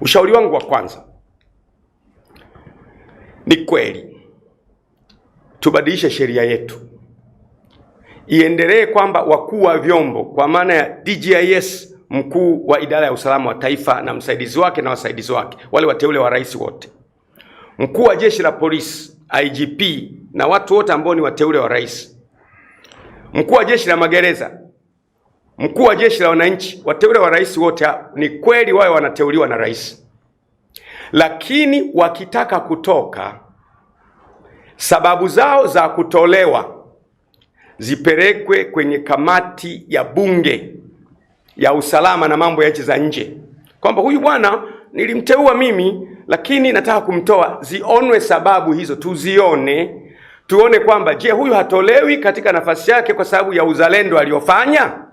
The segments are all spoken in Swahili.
Ushauri wangu wa kwanza ni kweli tubadilishe sheria yetu iendelee kwamba wakuu wa vyombo kwa maana ya DGIS, mkuu wa idara ya usalama wa taifa na msaidizi wake na wasaidizi wake wale wateule wa rais wote, mkuu wa jeshi la polisi IGP na watu wote ambao ni wateule wa rais, mkuu wa jeshi la magereza mkuu wa jeshi la wananchi, wateule wa rais wote, ni kweli wao wanateuliwa na rais, lakini wakitaka kutoka, sababu zao za kutolewa zipelekwe kwenye kamati ya bunge ya usalama na mambo ya nchi za nje, kwamba huyu bwana nilimteua mimi, lakini nataka kumtoa. Zionwe sababu hizo, tuzione tuone kwamba je, huyu hatolewi katika nafasi yake kwa sababu ya uzalendo aliyofanya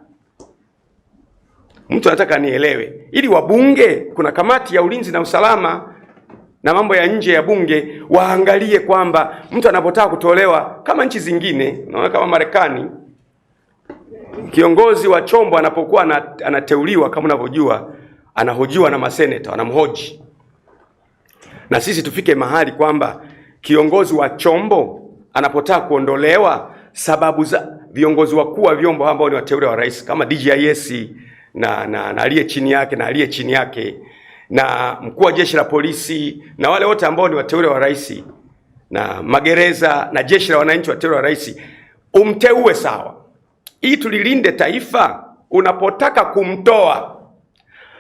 mtu anataka nielewe, ili wabunge, kuna kamati ya ulinzi na usalama na mambo ya nje ya bunge, waangalie kwamba mtu anapotaka kutolewa, kama nchi zingine, unaona kama Marekani, kiongozi wa chombo anapokuwa anateuliwa, kama unavyojua, anahojiwa na maseneta, wanamhoji. Na sisi tufike mahali kwamba kiongozi wa chombo anapotaka kuondolewa, sababu za viongozi wakuu wa vyombo ambao ni wateule wa rais, kama DGIS na, na, na aliye chini yake na aliye chini yake na mkuu wa jeshi la polisi na wale wote ambao ni wateule wa rais na magereza na jeshi la wananchi wateule wa rais, umteue sawa, ili tulilinde taifa. Unapotaka kumtoa,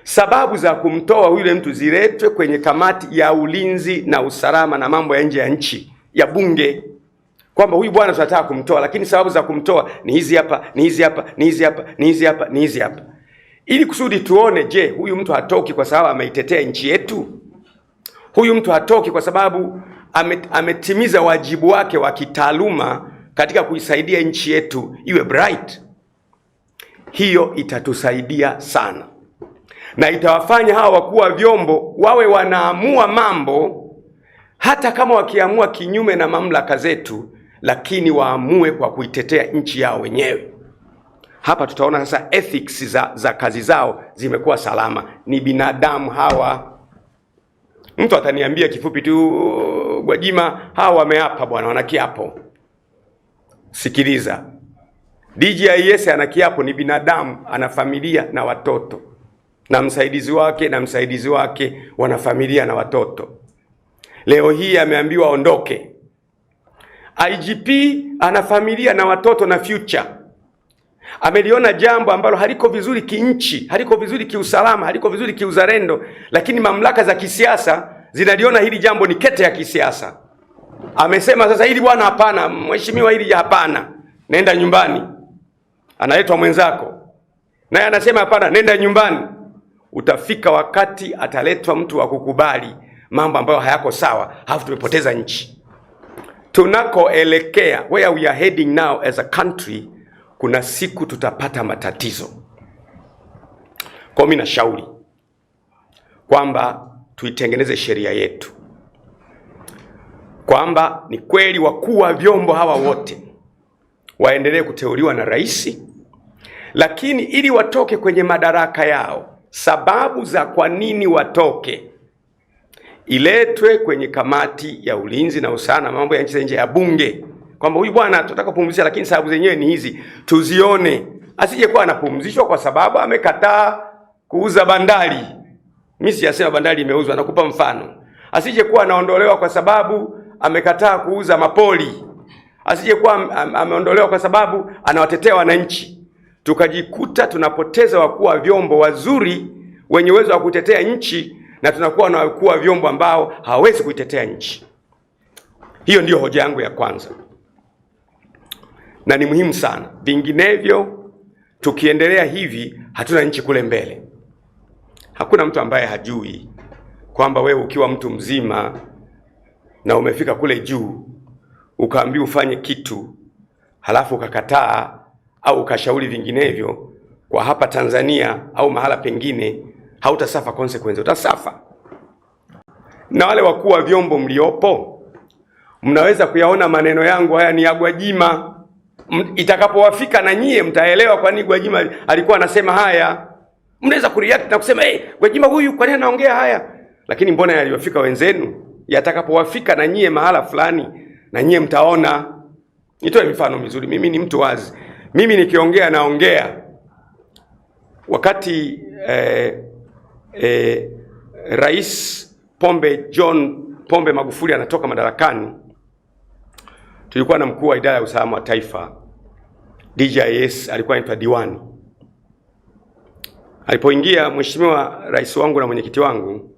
sababu za kumtoa yule mtu ziletwe kwenye kamati ya ulinzi na usalama na mambo ya nje ya nchi ya bunge, kwamba huyu bwana tunataka kumtoa, lakini sababu za kumtoa ni hizi hapa, ni hizi hapa, ni hizi hapa, ni hizi hapa, ni hizi hapa ili kusudi tuone, je, huyu mtu hatoki kwa sababu ameitetea nchi yetu? Huyu mtu hatoki kwa sababu ametimiza wajibu wake wa kitaaluma katika kuisaidia nchi yetu iwe bright. Hiyo itatusaidia sana na itawafanya hawa wakuu wa vyombo wawe wanaamua mambo, hata kama wakiamua kinyume na mamlaka zetu, lakini waamue kwa kuitetea nchi yao wenyewe hapa tutaona sasa ethics za, za kazi zao zimekuwa salama. Ni binadamu hawa. Mtu ataniambia kifupi tu, Gwajima, hawa wameapa bwana, wana kiapo. Sikiliza, DJIS ana kiapo, ni binadamu, ana familia na watoto na msaidizi wake na msaidizi wake wana familia na watoto. Leo hii ameambiwa aondoke. IGP ana familia na watoto na future ameliona jambo ambalo haliko vizuri kinchi, haliko vizuri kiusalama, haliko vizuri kiuzalendo, lakini mamlaka za kisiasa zinaliona hili jambo ni kete ya kisiasa. Amesema sasa, hili bwana, hapana mheshimiwa, hili hapana, nenda nyumbani. Analetwa mwenzako naye anasema hapana, nenda nyumbani. Utafika wakati ataletwa mtu wa kukubali mambo ambayo hayako sawa, halafu tumepoteza nchi tunakoelekea, where we are heading now as a country kuna siku tutapata matatizo. Kwa mimi nashauri kwamba tuitengeneze sheria yetu kwamba ni kweli wakuu wa vyombo hawa wote waendelee kuteuliwa na rais, lakini ili watoke kwenye madaraka yao, sababu za kwa nini watoke iletwe kwenye kamati ya ulinzi na usalama mambo ya nchi za nje ya bunge kwamba huyu bwana tunataka kupumzisha, lakini sababu zenyewe ni hizi, tuzione, asije kuwa anapumzishwa kwa sababu amekataa kuuza bandari. Mimi sijasema bandari imeuzwa, nakupa mfano. Asije kuwa anaondolewa kwa sababu amekataa kuuza mapoli, asije kuwa ameondolewa kwa sababu anawatetea wananchi, tukajikuta tunapoteza wakuu wa vyombo wazuri wenye uwezo wa kutetea nchi na tunakuwa na wakuu wa vyombo ambao hawawezi kuitetea nchi. Hiyo ndiyo hoja yangu ya kwanza na ni muhimu sana, vinginevyo tukiendelea hivi hatuna nchi kule mbele. Hakuna mtu ambaye hajui kwamba wewe ukiwa mtu mzima na umefika kule juu ukaambiwa ufanye kitu halafu ukakataa au ukashauri vinginevyo, kwa hapa Tanzania au mahala pengine, hautasafa consequence, utasafa. Na wale wakuu wa vyombo mliopo, mnaweza kuyaona maneno yangu haya ni ya Gwajima itakapowafika na nyie mtaelewa kwa nini Gwajima alikuwa anasema haya. Mnaweza kureact na kusema hey, eh, Gwajima huyu kwa nini anaongea haya? Lakini mbona yaliwafika wenzenu? Yatakapowafika na nyie mahala fulani, na nyie mtaona. Nitoe mifano mizuri. Mimi ni mtu wazi, mimi nikiongea naongea. Wakati eh, eh, Rais Pombe John Pombe Magufuli anatoka madarakani tulikuwa na mkuu wa idara ya usalama wa taifa DJIS, alikuwa anaitwa Diwani. Alipoingia mheshimiwa rais wangu na mwenyekiti wangu,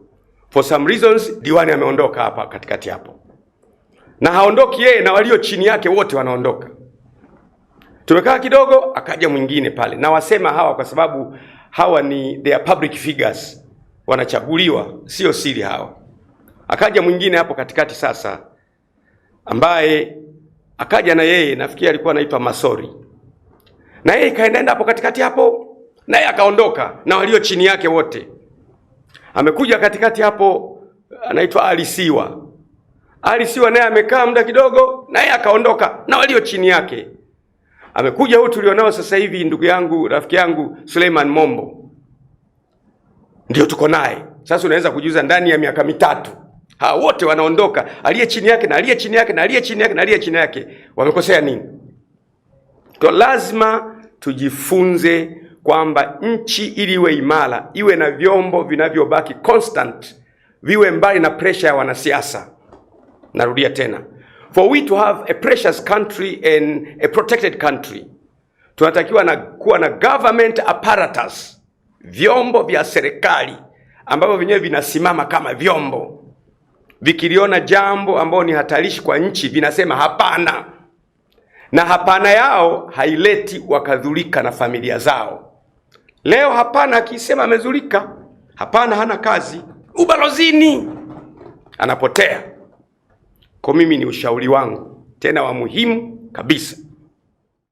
for some reasons Diwani ameondoka hapa katikati hapo, na haondoki yeye na walio chini yake wote wanaondoka. Tumekaa kidogo, akaja mwingine pale, na wasema hawa kwa sababu hawa ni their public figures, wanachaguliwa, sio siri hawa. Akaja mwingine hapo katikati sasa ambaye akaja na yeye, nafikiri alikuwa anaitwa Masori, na yeye ikaendaenda hapo katikati hapo, na yeye akaondoka na walio chini yake wote. Amekuja katikati hapo, anaitwa Alisiwa. Alisiwa naye amekaa muda kidogo, yeye akaondoka na walio chini yake. Amekuja huyu tulionao sasa hivi, ndugu yangu, rafiki yangu Suleiman Mombo, ndio tuko naye sasa. Unaweza kujiuza ndani ya miaka mitatu hawa wote wanaondoka, aliye chini yake na aliye chini yake na aliye chini yake na aliye chini yake, wamekosea nini? Kwa lazima tujifunze kwamba nchi ili iwe imara iwe na vyombo vinavyobaki constant, viwe mbali na pressure ya wanasiasa. Narudia tena, for we to have a precious country and a protected country, tunatakiwa na kuwa na government apparatus, vyombo vya serikali ambavyo vyenyewe vinasimama kama vyombo vikiliona jambo ambao ni hatarishi kwa nchi vinasema hapana, na hapana yao haileti wakadhulika na familia zao. Leo hapana akisema amezulika, hapana hana kazi ubalozini, anapotea. Kwa mimi ni ushauri wangu tena wa muhimu kabisa.